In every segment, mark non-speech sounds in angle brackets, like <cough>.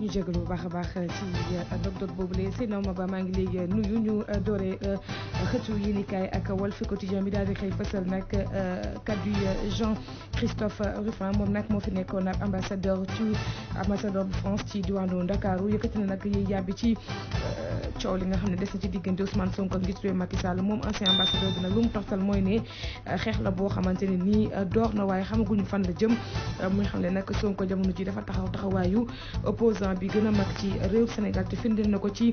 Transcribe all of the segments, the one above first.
ñu jégalu bu baax a baax eh, ci eh, dog-dog boobule si naw ma ba maa ngi léegi eh, nuyu ñu doore xëtu yéenikaay ak Walf Quotidien bi daal di xëy fësal nag kaddu Jean Christophe Rufin moom nag moo fi nekkoon ab ambassadeur ci ambassadeur bu France ci diwaanu Ndakaaru yëkkati na nag yiy ci coow li nga xam ne des na ci diggante Ousmane Sonko ak njiitu réew Macky Sall moom ancien ambassadeur bi nag lu mu toxtal mooy ne xeex la boo xamante ne nii door na waaye xamaguñu fan la jëm muy xam ne nag Sonko jamono ji dafa taxaw taxawaayu président bi gën a mag ci réew Sénégal te firndeel na ko ci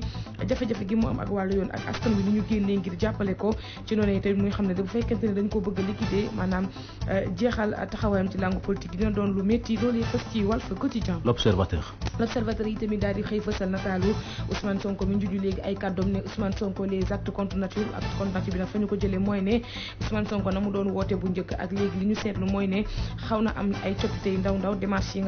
jafe-jafe gi mu ak wàllu yoon ak askan wi ni ñu génnee ngir jàppale ko ci noonu itam muy xam ne bu fekkente ne dañ ko bëgg a liquider maanaam euh, jeexal taxawaayam ci langue politique dina doon lu métti loolu yëpp ci Walf Quotidien l'observateur l'observateur yi tamit daal di xëy fësal nataalu Ousmane Sonko mi njuju léegi ay kàddoom ne Ousmane Sonko les actes contre nature ak contre nature bi nag fa ne woote bu njëkk ak léegi li ñu seetlu mooy ne xaw na am ay coppite yu yi nga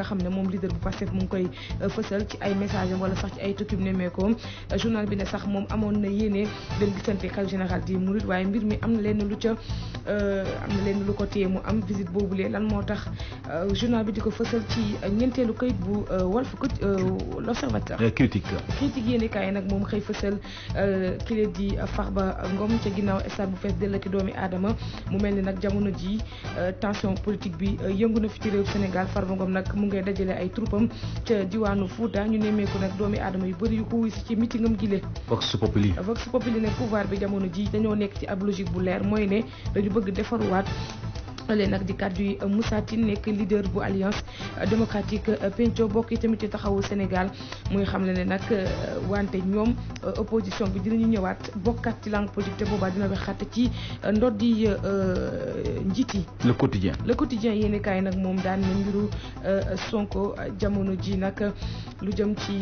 xam ne moom leader bu Pastef mu ngi koy euh, fësal ci ay message wala sax ci ay tukkib nemmeekoom euh, journal bi ne sax moom amoon na yéene leen gisante xal général di Mouride waaye mbir mi am na lenn lu ca euh, am lu ko téye mu am visite boobulee lan moo tax bi di ko fësal ci ñeenteelu kayit bu Walf Euh, l'observateur euh, critique critique yéen i kaay nag moom xëy fësal euh, kile di ba ngoom ca ginnaaw stade bu fees dellati doomi aadama mu mel ni nag jamono ji tension politique bi yëngu na fi ci réew Sénégal Farba Ngom nag mu ngay dajale ay troupam ca diwaanu Fouta ñu nemmeeku nag doomi aadama yu bëri yu ko wuy si ci meeting am gile Vox Populi Vox Populi nag pouvoir bi jamono ji dañoo nekk ci ab logique bu leer mooy ne dañu bëgg defaruwaat loolee nag di kàddu yi euh, Moussa Tine nekk leader bu alliance euh, démocratique euh, penco bokk tamit ci taxawu Sénégal muy xam le ne nag wante ñoom opposition bi dinañu ñëwaat bokkaat ci langue politique te boobaa dina wexaat ci ndoddi njiit yi. le quotidien le quotidien yéen kaay nag moom daan na mbiru Sonko jamono ji nag lu jëm ci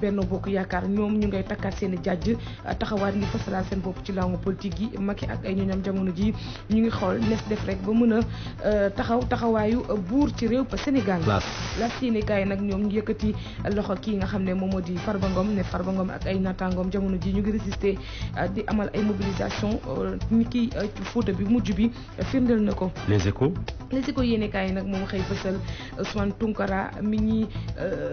benn bokk yaakaar ñoom ñu ngay takkaat seen i jàjj taxawaat ngi fasalaat seen bopp ci langue politique yi Macky ak ay ñooñam jamono ji ñu ngi xool nees def rek mën a euh, taxaw taxawaayu buur ci réew pa Sénégal las yéenekaay nag ñoom ñu yëkkati loxo ki nga xam ne moom moo di Farba Ngom ne Farba Ngom ak ay naataangoom jamono ji ñu ngi résister euh, di amal ay mobilisation euh, ni ki Fouta bi mujj bi firndeel na ko les échos les échos nag moom xëy fësal Ousmane Tounkara mi ñi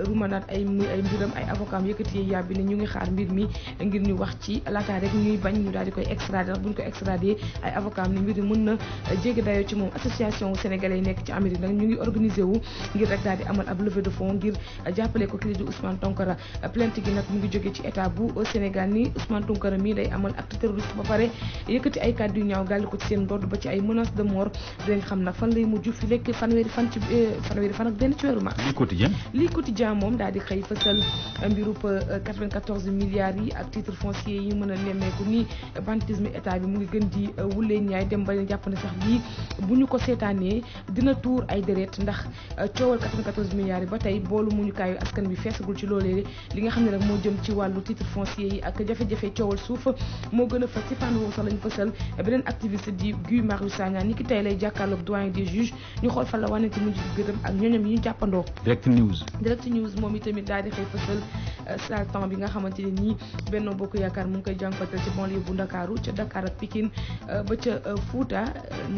rumanaat ay muy ay mbiram ay avocat am yëkkati yee yàbbi ne ñu ngi xaar mbir mi ngir ñu wax ci laataa rek ñuy bañ ñu daal di koy extrader buñ ko extrader ay avocat moom association sénégalais yi nekk ci Amérique nag ñu ngi organisé wu ngir rek daal di amal ab levée de fonds ngir jàppale ko kii di Ousmane Tounkara plainte gi nag mu ngi jóge ci état bu Sénégal ni Ousmane Tounkara mi day amal acte terroriste ba pare yëkkati ay kàddu yu ñaaw gàll ko ci seen ndodd ba ci ay menaces de mort dinañ xam nag fan lay mujj fi lekk fanweeri fan ci euh, fan ak benn ci weeru mars. lii moom daal di xëy fësal mbirub 94 euh, milliards yi ak titre foncier yi mën a nemmeeku ni banditisme bi mu ngi gën di euh, wulee ñaay dem ba jàpp ne bu ñu ko seetaanee dina tour ay déret ndax euh, coowal 94 milliards yi ba tey boolu muñukaayu askan bi feesagul ci loolee li nga xam ne nag moo jëm ci wàllu titre foncier yi ak jafe-jafe coowal suuf moo gën a fës ci fànn woowu sax lañu fësal beneen activiste di Guy Marius Sagna ni ki tey lay jàkkaarloog doyen des juges ñu xool fan la wane ci mujj gërëm ak ñooñam yi ñu jàppandoo. direct news. moom itamit daal di xëy fësal euh, saltan bi nga xamante ne nii Benno Bokk Yaakaar mu ngi koy jànkuwanteel ci banlieue bu Ndakaaru ca Dakar ak Pikine euh, ba ca Fouta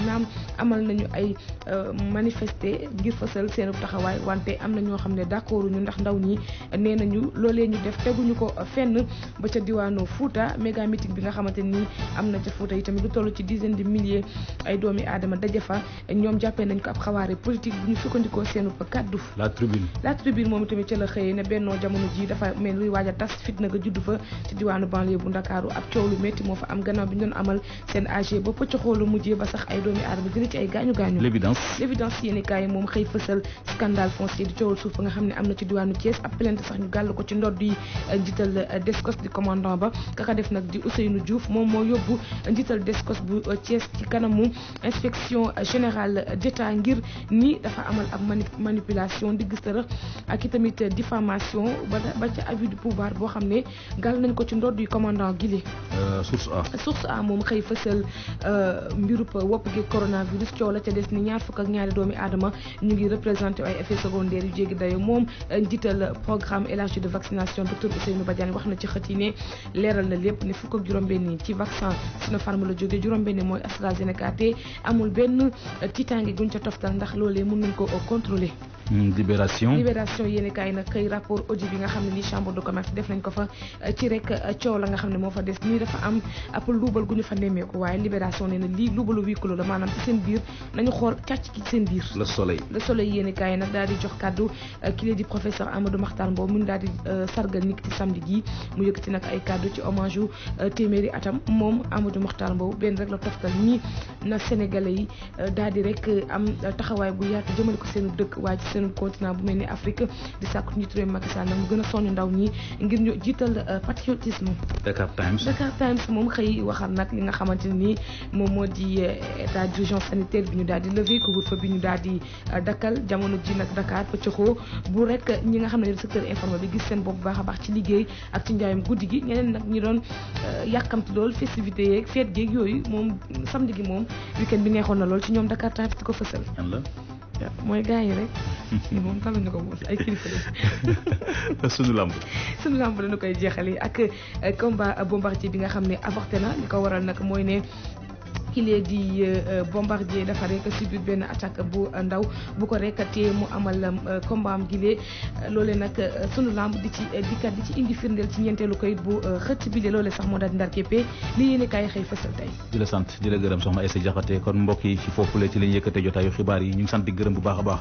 naam. amal nañu ay euh, manifester ngir fësal seen taxawaay wante am na ñoo xam ne d'accordu ñu ndax ndaw ñi nee nañu loolee ñu def ñu ko fenn ba ca diwaanu Fouta méga meeting bi nga xamante ni am na ca Fouta yi tamit lu toll ci dizaine de milliers ay doomi aadama daje fa ñoom jàppee nañ ko ab xawaare politique bu ñu sukkandikoo seenu kàddu. la tribune la moom tamit ca la xëyee ne bennoo jamono ji dafa mel luy waaj a tas fitna nga juddu fa ci diwaanu banlieue bu ñu doon amal seen AG ba pëcc xoolu mujjee ba sax ay ci ay gaañu gaañu l'évidence l'évidence yéeni kaay moom xëy fësal scandale foncier di coowal suuf ba nga na ci diwaanu Thiès ci ndodd yi njiital euh, Descos di commandant ba kaka def nag di Ousseynou Diouf moom moo yóbbu njiital Descos bu euh, Thiès ci kanamu inspection générale d'État ngir ni dafa amal ab manipulation di gis tërëx ak i tamit diffamation ba ca abus de pouvoir boo xam ne gàll nañ ko ci ndodd yi commandant gile euh, source A source A moom gis coow la ca des ni ñaar fukk ak ñaari doomi aadama ñu ngi représenté ay effets secondaires yu jéggi dayo moom njiital programme élargi de vaccination docteur Ousseynou Badiane wax na ci xët yi ne leeral na lépp ne fukk ak juróom-benn yi ci vaccin Sinopharm la jóge juróom-benn mooy AstraZeneca te amul benn tiitaange guñ ca toftal ndax loolee mën nañ ko contrôler Mm, libération libération yéen kaay nag kay rapport audit bi nga xam ni chambre de commerce def nañ ko fa euh, ci rek euh, coow la nga xam ne moo fa des nii dafa am ab luubal gu ñu fa nemmeeku waaye libération nee na lii soleil le di jox kàddu euh, kii di professeur Amadou Makhtar Mbow mu ngi daal di sargal nit ci samedi gii mu yëkkati nag ay kàddu ci hommage rek am taxawaay bu yaatu jëmale ko seen dëkk waaye beneen continent bu mel ni Afrique di sàkku njiitu réew Macky mu gën a soññ ndaw ñi ngir ñu jiital euh, patriotisme. Dakar Times Dakar Times moom xëy waxal nag ñi nga xamante ni moom moo di euh, état d'urgence sanitaire bi ñu daal di lever couvre bi ñu daal di euh, dakkal jamono ji nag Dakar pëccëxoo bu rek ñi nga xam ne secteur informel bi gis seen bopp baax a baax ci liggéey ak ci njaayum guddi gi ñeneen nag ñi doon yàkkamti lool festivité yeeg fête yeeg yooyu moom samedi gi moom weekend bi neexoon na lool ci ñoom Dakar ko fësal. mooy gars yi rek. ñu <laughs> moom taluñu ko moom ay kilifa la. <laughs> sunu lamb. <laughs> sunu lamb dañu koy jeexalee ak euh, combat bombardier bi nga xam ne avorté na li ko waral nag mooy ne. kile di euh, euh, bombardier dafa rek subir benn attaque bu ndaw bu ko rek tee mu amal euh, combat am gile loole nag sunu lamb di ci dikkat di ci indi firndeel ci ñeenteelu kayit bu xëcc bile loole sax moo daal di ndar képpee li yéen kaay xëy fësal tey di la sant di la gërëm soxna Aïssa Diakhaté kon mbokk yi ci foofule ci lañ yëkkatee jotaayu xibaar yi ñu ngi sant di gërëm bu baax a baax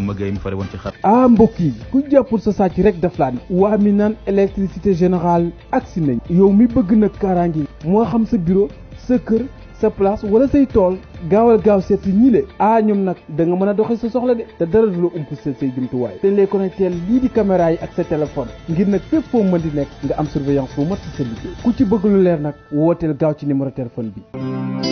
magay mi fare woon ci xar ah mbokk yi ku jàppul sa sàcc rek daf laan waa mi naan électricité générale si nañ yow mi bëgg nag kaaraange moo xam sa bureau sa kër sa place wala say tool gaawal gaaw seet si ñi le ah ñoom nag da nga mën a doxe sa soxla de te dara du la ump seet say jumtuwaay te ñu lay connecté lii di caméra ak sa téléphone ngir nag fépp foo mën di nekk nga am surveillance bu mat sa liggéey ku ci bëgg lu leer nag wooteel gaaw ci numéro téléphone bi